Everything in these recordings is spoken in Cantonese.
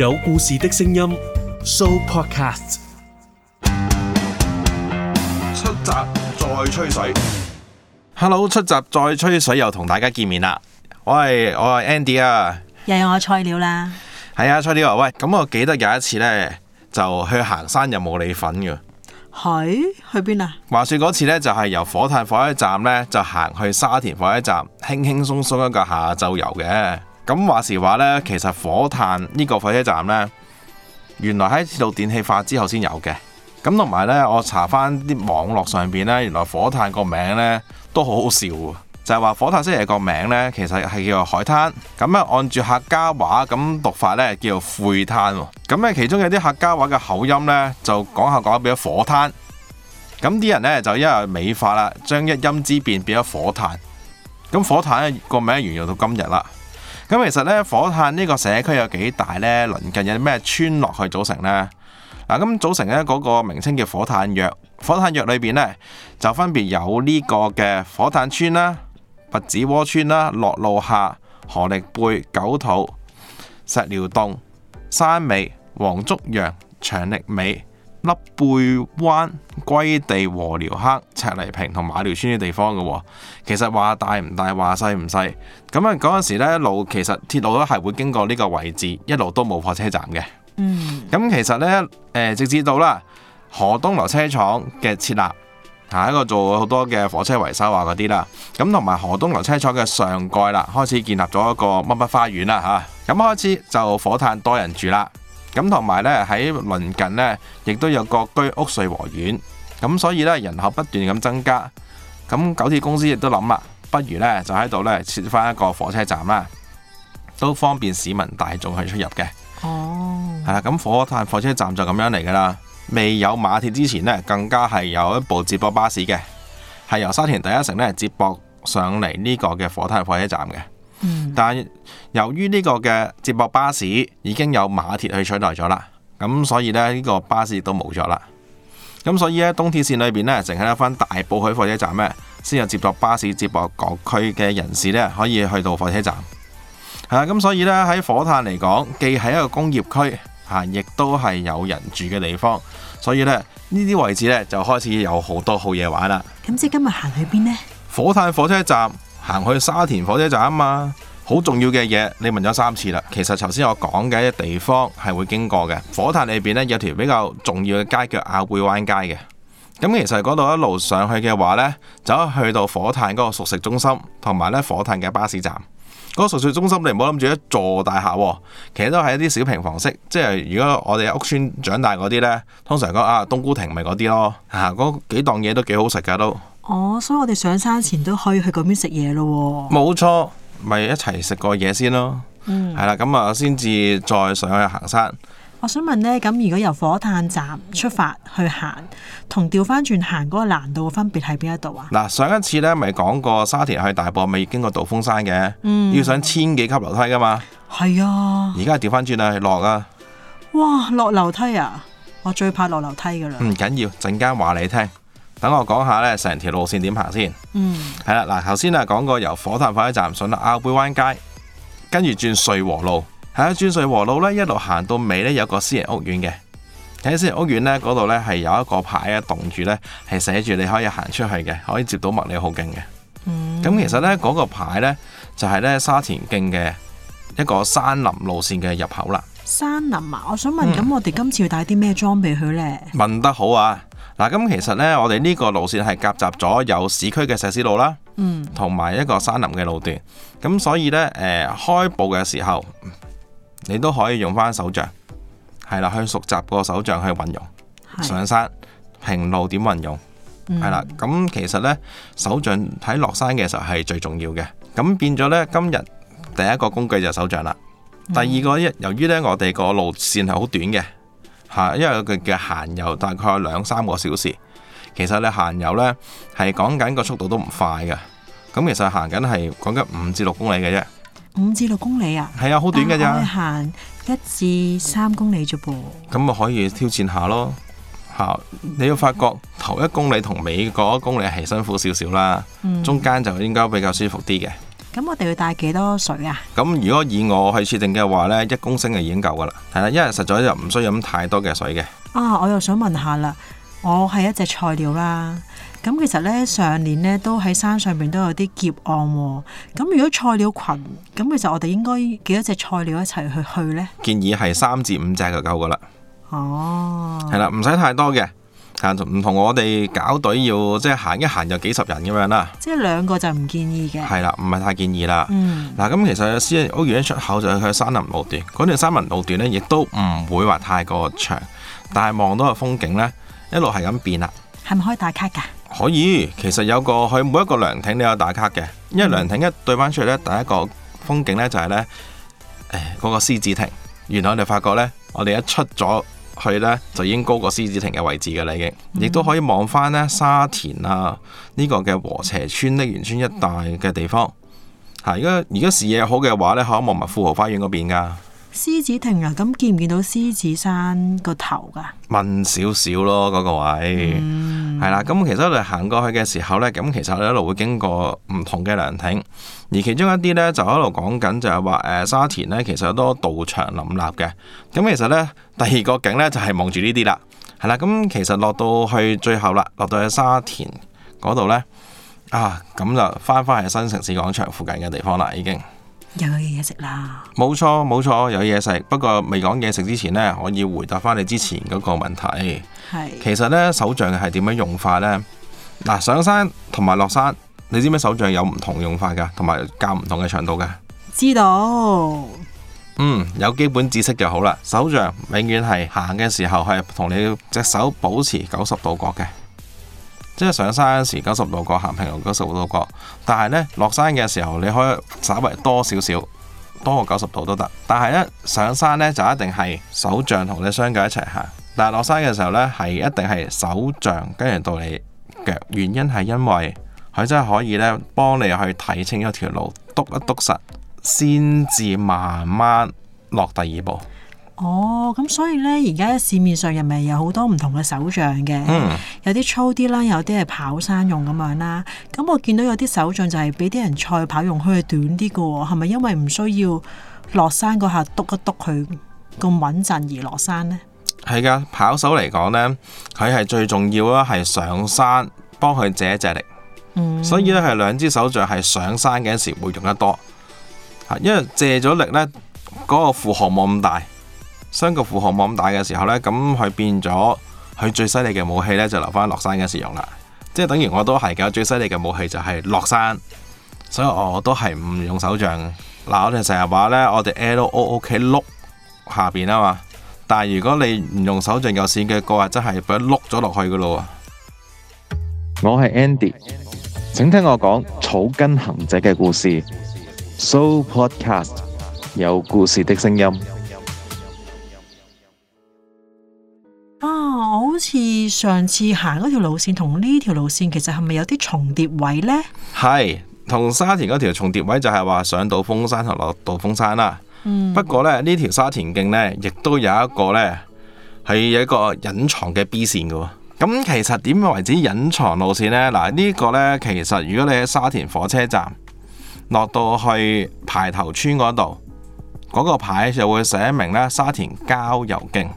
有故事的聲音 Show Podcast。出閘再吹水，Hello，出閘再吹水又同大家見面啦。喂，我係 Andy 啊，又係我菜鳥啦。係啊，菜鳥啊，喂，咁我記得有一次呢，就去行山又冇你份嘅，去去邊啊？話說嗰次呢，就係、是、由火炭火車站呢，就行去沙田火車站，輕輕鬆鬆一個下晝遊嘅。咁話時話呢，其實火炭呢個火車站呢，原來喺鐵路電氣化之後先有嘅。咁同埋呢，我查翻啲網絡上邊呢，原來火炭個名呢都好好笑，就係話火炭昔日個名呢，其實係叫做海灘。咁啊，按住客家話咁讀法呢，叫做灰灘。咁咧，其中有啲客家話嘅口音呢，就講下講下變咗火炭。咁啲人呢，就因為美化啦，將一音之變變咗火炭。咁火炭呢個名沿用到今日啦。咁其實咧，火炭呢個社區有幾大呢？鄰近有啲咩村落去組成呢？嗱，咁組成呢嗰個名稱叫火炭約。火炭約裏面呢，就分別有呢個嘅火炭村啦、拔子窩村啦、落路下、河瀝背、九肚、石寮洞、山尾、黃竹洋、長瀝尾、坳背灣、桂地禾寮坑、赤泥坪同馬寮村嘅地方嘅，其實話大唔大，話細唔細，咁啊嗰陣時咧一路其實鐵路都係會經過呢個位置，一路都冇火車站嘅。咁、嗯、其實呢，誒、呃、直至到啦何東樓車廠嘅設立，下一個做好多嘅火車維修啊嗰啲啦，咁同埋何東樓車廠嘅上蓋啦，開始建立咗一個乜乜花園啦吓，咁、啊啊、開始就火炭多人住啦。咁同埋咧喺鄰近呢，亦都有個居屋瑞和苑，咁所以咧人口不斷咁增加，咁九鐵公司亦都諗啦，不如咧就喺度咧設翻一個火車站啦，都方便市民大眾去出入嘅。哦、oh.，係啦，咁火炭火車站就咁樣嚟噶啦。未有馬鐵之前呢，更加係有一部接駁巴士嘅，係由沙田第一城咧接駁上嚟呢個嘅火炭火車站嘅。但由於呢個嘅接駁巴士已經有馬鐵去取代咗啦，咁所以呢，呢、呢個巴士都冇咗啦。咁所以呢，東鐵綫裏邊呢淨係得返大埔墟火車站呢先有接駁巴士接駁各區嘅人士呢，可以去到火車站。係、啊、咁所以呢，喺火炭嚟講，既係一個工業區，吓亦都係有人住嘅地方。所以呢，呢啲位置呢，就開始有好多好嘢玩啦。咁即今日行去邊呢？火炭火車站。行去沙田火車站啊嘛，好重要嘅嘢，你問咗三次啦。其實頭先我講嘅地方係會經過嘅。火炭裏邊呢，有條比較重要嘅街叫坳背灣街嘅。咁其實嗰度一路上去嘅話呢，就去到火炭嗰、嗰個熟食中心，同埋呢火炭嘅巴士站。嗰熟食中心你唔好諗住一座大廈，其實都係一啲小平房式。即係如果我哋屋村長大嗰啲呢，通常講啊冬菇亭咪嗰啲咯，嚇、啊、嗰幾檔嘢都幾好食㗎都。哦，oh, 所以我哋上山前都可以去嗰邊食嘢咯，冇錯，咪一齊食個嘢先咯。係啦、嗯，咁啊先至再上去行山。我想問呢，咁如果由火炭站出發去行，同掉翻轉行嗰個難度分別喺邊一度啊？嗱，上一次呢咪講過沙田去大埔咪要經過道風山嘅，嗯、要上千幾級樓梯噶嘛？係啊，而家掉翻轉啊，落啊！哇，落樓梯啊，我最怕落樓梯噶啦。唔緊要，陣間話你聽。等我講下呢，成條路線點行先，嗯。嗯，係啦，嗱，頭先啊講過由火炭火車站上到坳背灣街，跟住轉瑞和路，係啊，轉瑞和路呢，一路行到尾呢，有個私人屋苑嘅。喺私人屋苑呢嗰度呢，係有一個牌啊，棟住呢，係寫住你可以行出去嘅，可以接到麥理浩徑嘅。嗯，咁其實呢，嗰個牌呢，就係呢沙田徑嘅一個山林路線嘅入口啦。山林啊，我想問，咁，嗯，我哋今次要帶啲咩裝備去呢？問得好啊！嗱，咁其實咧，我哋呢個路線係夾雜咗有市區嘅石屎路啦，嗯，同埋一個山林嘅路段。咁所以咧，誒開步嘅時候，你都可以用翻手杖，係啦，去熟習個手杖去運用。上山平路點運用，係啦。咁其實咧，手杖喺落山嘅時候係最重要嘅。咁變咗咧，今日第一個工具就係手杖啦。第二個因由於咧，我哋個路線係好短嘅。吓，因為佢嘅行遊大概兩三個小時，其實你行遊呢，係講緊個速度都唔快嘅，咁其實行緊係講緊五至六公里嘅啫，五至六公里啊，係啊，好短嘅咋，行一至三公里啫噃，咁咪可以挑戰一下咯嚇、啊。你要發覺頭一公里同尾嗰一公里係辛苦少少啦，嗯、中間就應該比較舒服啲嘅。咁我哋要帶幾多水啊？咁如果以我去設定嘅話呢，一公升就已經夠噶啦，係啦，因為實在就唔需要飲太多嘅水嘅。啊，我又想問下啦，我係一隻菜鳥啦，咁其實呢，上年呢都喺山上邊都有啲劫案喎、哦，咁如果菜鳥群，咁其實我哋應該幾多隻菜鳥一齊去去呢？建議係三至五隻就夠噶啦。哦、啊，係啦，唔使太多嘅。但就唔同我哋搞隊要即係行一行就有幾十人咁樣啦，即係兩個就唔建議嘅。係啦，唔係太建議啦。嗱、嗯，咁其實獅子屋苑一出口就係佢山林路段，嗰段山林路段咧，亦都唔會話太過長，嗯、但係望到個風景咧，一路係咁變啦。係咪可以打卡㗎？可以，其實有一個佢每一個涼亭都有打卡嘅，因為涼亭一對翻出嚟咧，第一個風景咧就係、是、咧，嗰、那個獅子亭。原來我哋發覺咧，我哋一出咗。去呢就已經高過獅子亭嘅位置嘅啦，已經，亦都可以望返呢沙田啊呢、呢個嘅禾輋村、瀝源村一帶嘅地方嚇。而家而家視野好嘅話咧，可以望埋富豪花園嗰邊噶。獅子亭啊，咁見唔見到獅子山個頭噶？問少少咯，嗰個位係啦。咁、嗯、其實我哋行過去嘅時候呢，咁其實我哋一路會經過唔同嘅涼亭，而其中一啲呢，就喺度講緊就係話，誒沙田呢，其實好多道場林立嘅。咁其實呢，第二個景呢，就係望住呢啲啦，係啦。咁其實落到去最後啦，落到去沙田嗰度呢，啊，咁就翻返去新城市廣場附近嘅地方啦，已經。有嘢食啦！冇錯冇錯，有嘢食。不過未講嘢食之前呢，可以回答翻你之前嗰個問題。係其實呢，手杖係點樣用法呢？嗱，上山同埋落山，你知咩手杖有唔同用法噶？同埋夾唔同嘅長度嘅？知道。嗯，有基本知識就好啦。手杖永遠係行嘅時候係同你隻手保持九十度角嘅。即係上山嗰時九十度角行平路，九十度角。但係呢，落山嘅時候，你可以稍微多少少多過九十度都得。但係呢，上山呢就一定係手杖同你雙腳一齊行。但係落山嘅時候呢，係一定係手杖跟住到你腳。原因係因為佢真係可以呢，幫你去睇清一條路，篤一篤實，先至慢慢落第二步。哦，咁、oh, 所以咧，而家市面上又咪有好多唔同嘅手杖嘅、嗯，有啲粗啲啦，有啲係跑山用咁樣啦。咁我見到有啲手杖就係俾啲人賽跑用，佢係短啲嘅喎，係咪因為唔需要落山嗰下篤一篤佢咁穩陣而落山呢？係噶，跑手嚟講呢，佢係最重要咯，係上山幫佢借一借力。嗯、所以咧係兩支手杖係上山嗰陣時會用得多，因為借咗力呢，嗰、那個負荷冇咁大。相個負荷冇咁大嘅時候呢，咁佢變咗佢最犀利嘅武器呢，就留翻落山嘅時用啦。即係等於我都係嘅，最犀利嘅武器就係落山，所以我都係唔用手杖。嗱，我哋成日話呢，我哋 L O O K 碌下邊啊嘛。但係如果你唔用手杖有線嘅，個話真係俾碌咗落去嘅咯。我係 Andy，請聽我講草根行者嘅故事。So Podcast 有故事的聲音。似上次行嗰條路線同呢條路線，其實係咪有啲重疊位呢？係同沙田嗰條重疊位就係話上到峰山同落到峰山啦。嗯。不過咧呢條沙田徑呢，亦都有一個呢，係有一個隱藏嘅 B 線嘅。咁其實點為之隱藏路線呢？嗱，啊，呢、呢個呢，其實如果你喺沙田火車站落到去排頭村嗰度，嗰、嗰個牌就會寫明呢沙田郊遊徑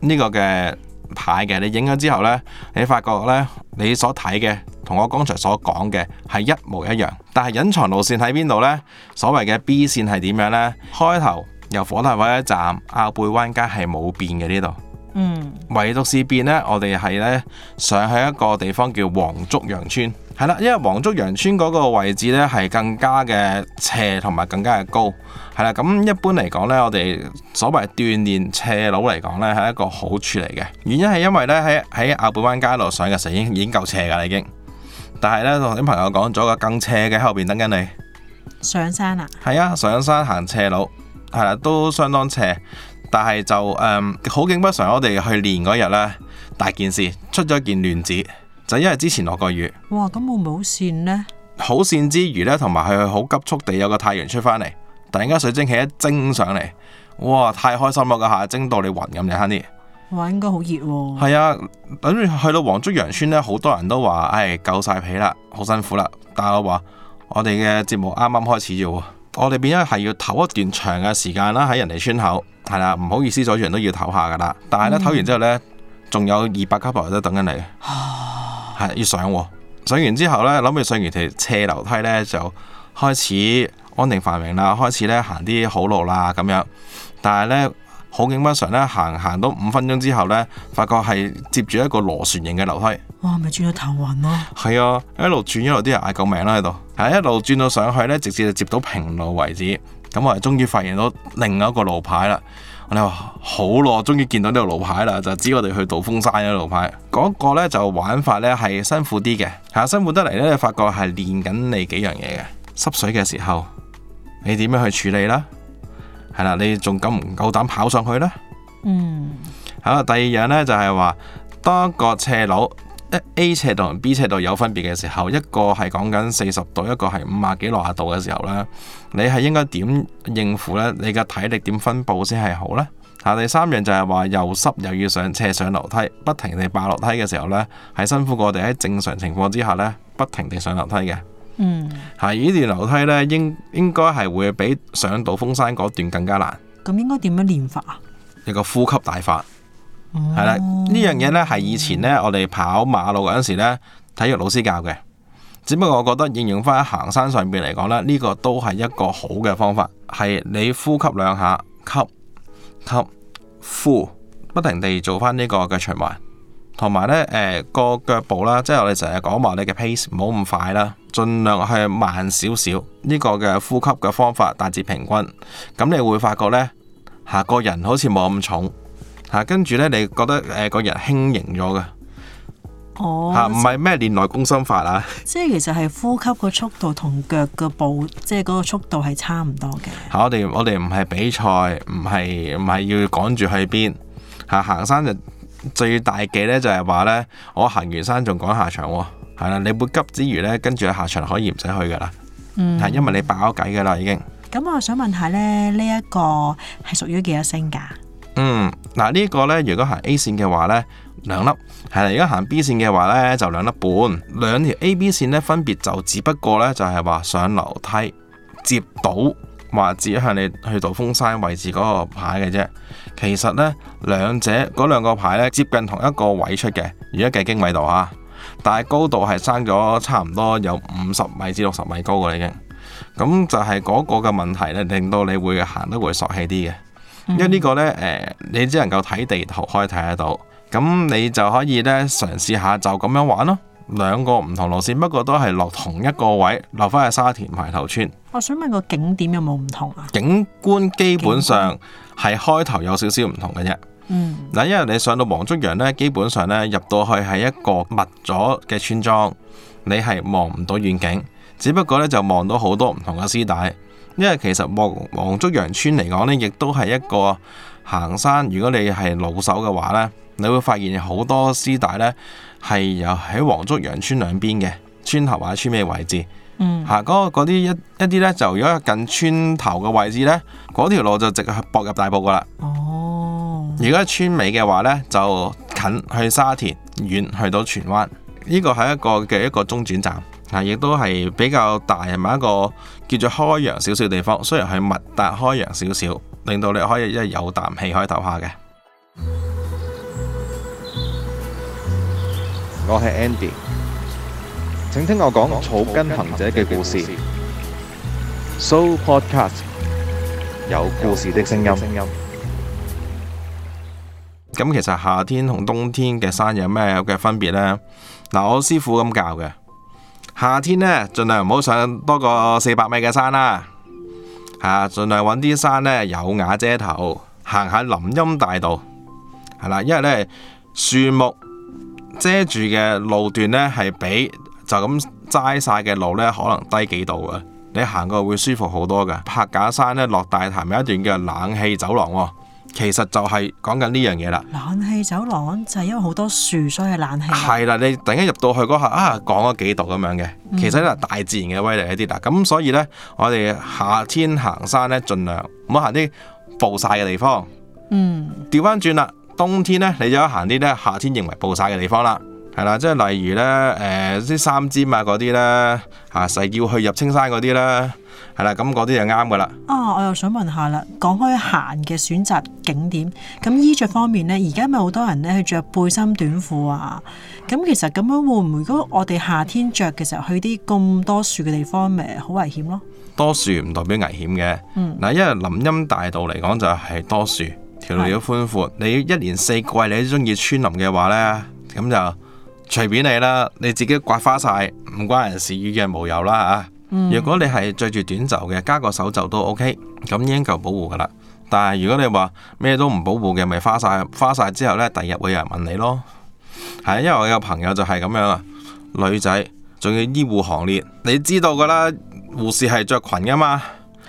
呢個嘅。睇嘅，你影咗之後呢，你發覺呢，你所睇嘅同我剛才所講嘅係一模一樣。但係隱藏路線喺邊度呢？所謂嘅 B 線係點樣呢？開頭由火炭火車站、坳背灣街係冇變嘅呢度。嗯，唯獨是變呢，我哋係呢上去一個地方叫黃竹洋村。係啦，因為黃竹洋村嗰個位置咧，係更加嘅斜同埋更加嘅高。係啦，咁一般嚟講咧，我哋所謂鍛鍊斜路嚟講咧，係一個好處嚟嘅。原因係因為咧，喺喺亞本灣街路上嘅時候已經已經夠斜㗎啦，已經的。但係咧，同啲朋友講咗個更斜嘅喺後邊等緊你。上山啦、啊？係啊，上山行斜路係啦，都相當斜，但係就誒、嗯、好景不常我，我哋去練嗰日咧，大件事，出咗件亂子。就因為之前落過雨，哇！咁會唔會好跣呢？好跣之餘呢，同埋佢好急速地有個太陽出返嚟，突然間水蒸氣一蒸上嚟，哇！太開心啦！個下蒸到你暈咁，你慳啲。哇！應該好熱喎。係啊，等住去到黃竹洋村呢，好多人都話，唉、哎，夠晒皮啦，好辛苦啦。但係我話，我哋嘅節目啱啱開始啫喎，我哋變咗係要唞一段長嘅時間啦，喺人哋村口係啦，唔、啊、好意思，所有人都要唞下噶啦。但係呢，唞完之後呢，仲有二百級朋友都等緊你。嗯係要上，啊，上完之後呢，諗住上完條斜樓梯呢，就開始安定繁榮啦，開始呢，行啲好路啦咁樣。但係呢，好景不常呢，行行到五分鐘之後呢，發覺係接住一個螺旋形嘅樓梯。哇！咪轉到頭暈咯。係啊，一路轉一路，啲人嗌救命啦喺度。係一路轉到上去呢，直至就接到平路為止。咁我哋終於發現到另外一個路牌啦。你話好耐，我終於見到呢個路牌啦，就知我哋去杜峰山嘅路牌，呢個路牌。嗰個呢，就玩法呢係辛苦啲嘅，係辛苦得嚟呢，你發覺係練緊你幾樣嘢嘅。濕水嘅時候，你點樣去處理啦？係啦，你仲敢唔夠膽跑上去咧？嗯。好啦，第二樣呢，就係話當個斜路。A 斜度同 B 斜度有分別嘅時候，一個係講緊四十度，一個係五廿幾六十度嘅時候咧，你係應該點應付咧？你嘅體力點分佈先係好呢？嚇，第三樣就係話又濕又要上斜上樓梯，不停地爬樓梯嘅時候呢，係辛苦過我哋喺正常情況之下呢，不停地上樓梯嘅。嗯。嚇，呢段樓梯呢，應應該係會比上道風山嗰段更加難。咁應該點樣練法啊？一個呼吸大法。係啦，呢樣嘢呢，係以前呢，我哋跑馬路嗰陣時呢，體育老師教嘅。只不過我覺得應用翻喺行山上邊嚟講呢，呢個都係一個好嘅方法。係，你呼吸兩下，吸吸呼，不停地做翻呢個嘅循環。同埋呢，誒個腳步啦，即係我哋成日講話你嘅 pace，唔好咁快啦，盡量去慢少少。呢個嘅呼吸嘅方法大致平均，咁你會發覺呢，吓，個人好似冇咁重。吓、啊，跟住咧，你覺得誒個人輕盈咗嘅哦，嚇、啊，唔係咩練內功心法啊？即係其實係呼吸速、就是、個速度同腳個步，即係嗰個速度係差唔多嘅。嚇，我哋我哋唔係比賽，唔係唔係要趕住去邊，嚇、啊、行山就。就最大忌咧，就係話咧，我行完山仲趕下場、啊，係啦、啊。你會急之餘咧，跟住下場可以唔使去噶啦。嗯，因為你爆咗偈嘅啦，已經。咁、嗯、我想問下咧，呢、這、一個係屬於幾多星噶？嗯。嗱呢個呢，如果行 A 線嘅話呢，兩粒；係啦，如果行 B 線嘅話呢，就兩粒半。兩條 A、B 線呢，分別就只不過呢，就係話上樓梯、接到，或者向你去到風山位置嗰個牌嘅啫。其實呢，兩者嗰兩個牌呢，接近同一個位出嘅，而家計經緯度啊，但係高度係升咗差唔多有五十米至六十米高嘅已經。咁就係嗰個嘅問題咧，令到你會行得會索氣啲嘅。因為呢個呢，誒、呃，你只能夠睇地圖可以睇得到，咁你就可以呢，嘗試下就咁樣玩咯。兩個唔同路線，不過都係落同一個位，落翻去沙田排頭村。我想問個景點有冇唔同啊？景觀基本上係觀開頭有少少唔同嘅啫。嗱、嗯，因為你上到黃竹洋呢，基本上呢，入到去係一個密咗嘅村莊，你係望唔到遠景，只不過呢，就望到好多唔同嘅絲帶。因為其實黃竹洋村嚟講呢，亦都係一個行山。如果你係老手嘅話呢，你會發現好多絲帶呢係由喺黃竹洋村兩邊嘅村頭或者村尾的位置，嗯嚇，嗰啲一一啲咧，就如果近村頭嘅位置呢，嗰條路就直駁入大埔噶啦。哦，如果係村尾嘅話呢，就近去沙田，遠去到荃灣。呢個係一個嘅一個中轉站。嗱，亦都係比較大，係咪一個叫做開揚少少地方。雖然係密達開揚少少，令到你可以一有啖氣可以唞下嘅。我係 Andy，請聽我講草根行者嘅故事。故事 so podcast 有故事的聲音。咁其實夏天同冬天嘅山有咩嘅分別呢？嗱，我師傅咁教嘅。夏天呢，盡量唔好上多過四百米嘅山啦，啊、吓、啊、盡量搵啲山呢，有瓦遮頭，行下林蔭大道，係啦。因為呢，樹木遮住嘅路段呢，係比就咁齋曬嘅路呢，可能低幾度啊，你行過會舒服好多㗎。柏架山呢，落大潭有一段叫冷氣走廊喎，哦。其實就係講緊呢樣嘢啦，冷氣走廊就係、是，因為好多樹所以係冷氣。係啦，你突然間入到去嗰下啊，降咗幾度咁樣嘅。其實呢大自然嘅威力一啲啦，咁、嗯、所以呢，我哋夏天行山呢，盡量唔好行啲暴曬嘅地方。嗯，掉返轉啦，冬天呢，你就要行啲咧夏天認為暴曬嘅地方啦。係啦，即係例如呢，誒、呃、啲三尖啊嗰啲呢，吓、啊、細要去入青山嗰啲咧。係啦，咁嗰啲就啱噶啦。啊，我又想問下啦，講開行嘅選擇景點，咁衣着方面呢，而家咪好多人呢去着背心短褲啊。咁其實咁樣會唔會？如果我哋夏天着嘅時候去啲咁多樹嘅地方，咪好危險咯？多樹唔代表危險嘅。嗱、嗯，因為林蔭大道嚟講就係多樹，條路又寬闊。的你一年四季你都中意穿林嘅話呢，咁就隨便你啦。你自己刮花晒，唔關人事，雨潤無油啦吓。如果你係着住短袖嘅，加個手袖都 OK，咁已經夠保護噶啦。但係如果你話咩都唔保護嘅，咪花晒，花晒之後呢，第二日會有人問你咯。係因為我有朋友就係咁樣啊，女仔仲要醫護行列，你知道噶啦，護士係着裙噶嘛，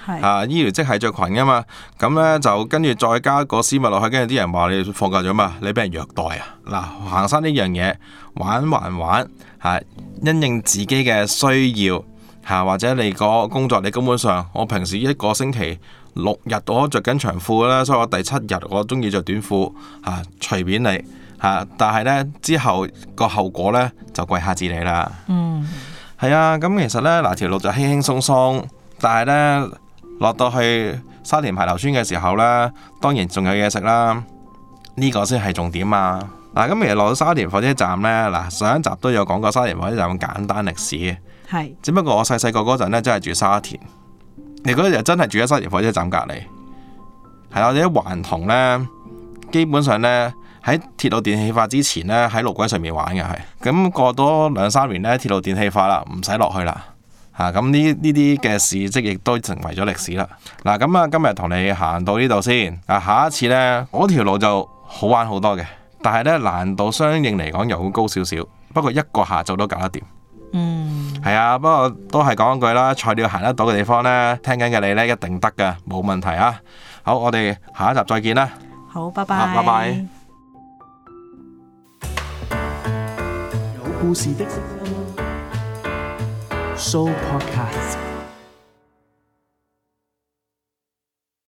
是啊，醫療即係着裙噶嘛，咁呢，就跟住再加個絲襪落去，跟住啲人話你放假咗嘛，你俾人虐待啊嗱。行山呢樣嘢玩還玩，玩，係、啊、因應自己嘅需要。吓，或者你個工作，你根本上我平時一個星期六日我着緊長褲啦，所以我第七日我中意着短褲吓、啊、隨便你吓、啊，但係呢，之後個後果呢，就跪下自你啦、嗯啊。嗯，係啊，咁其實呢，嗱條路就輕輕鬆鬆，但係呢，落到去沙田排頭村嘅時候呢，當然仲有嘢食啦，呢、呢個先係重點啊。嗱，咁其實落到沙田火車站呢，嗱上一集都有講過沙田火車站嘅簡單歷史。只不過我細細個嗰陣咧，真係住沙田，你嗰日真係住喺沙田火車站隔籬，係啦，我哋啲頑童咧，基本上呢，喺鐵路電氣化之前呢，喺路軌上面玩嘅係，咁過多兩三年呢，鐵路電氣化啦，唔使落去啦，吓咁呢呢啲嘅事跡亦都成為咗歷史啦。嗱，啊，咁啊今日同你行到呢度先，啊下一次呢，嗰條路就好玩好多嘅，但係呢，難度相應嚟講又高少少，不過一個下晝都搞得掂。嗯，係啊，不過都係講一句啦，材料行得到嘅地方咧，聽緊嘅你咧一定得㗎，冇問題啊。好，我哋下一集再見啦。好，拜拜。拜拜。有故事的。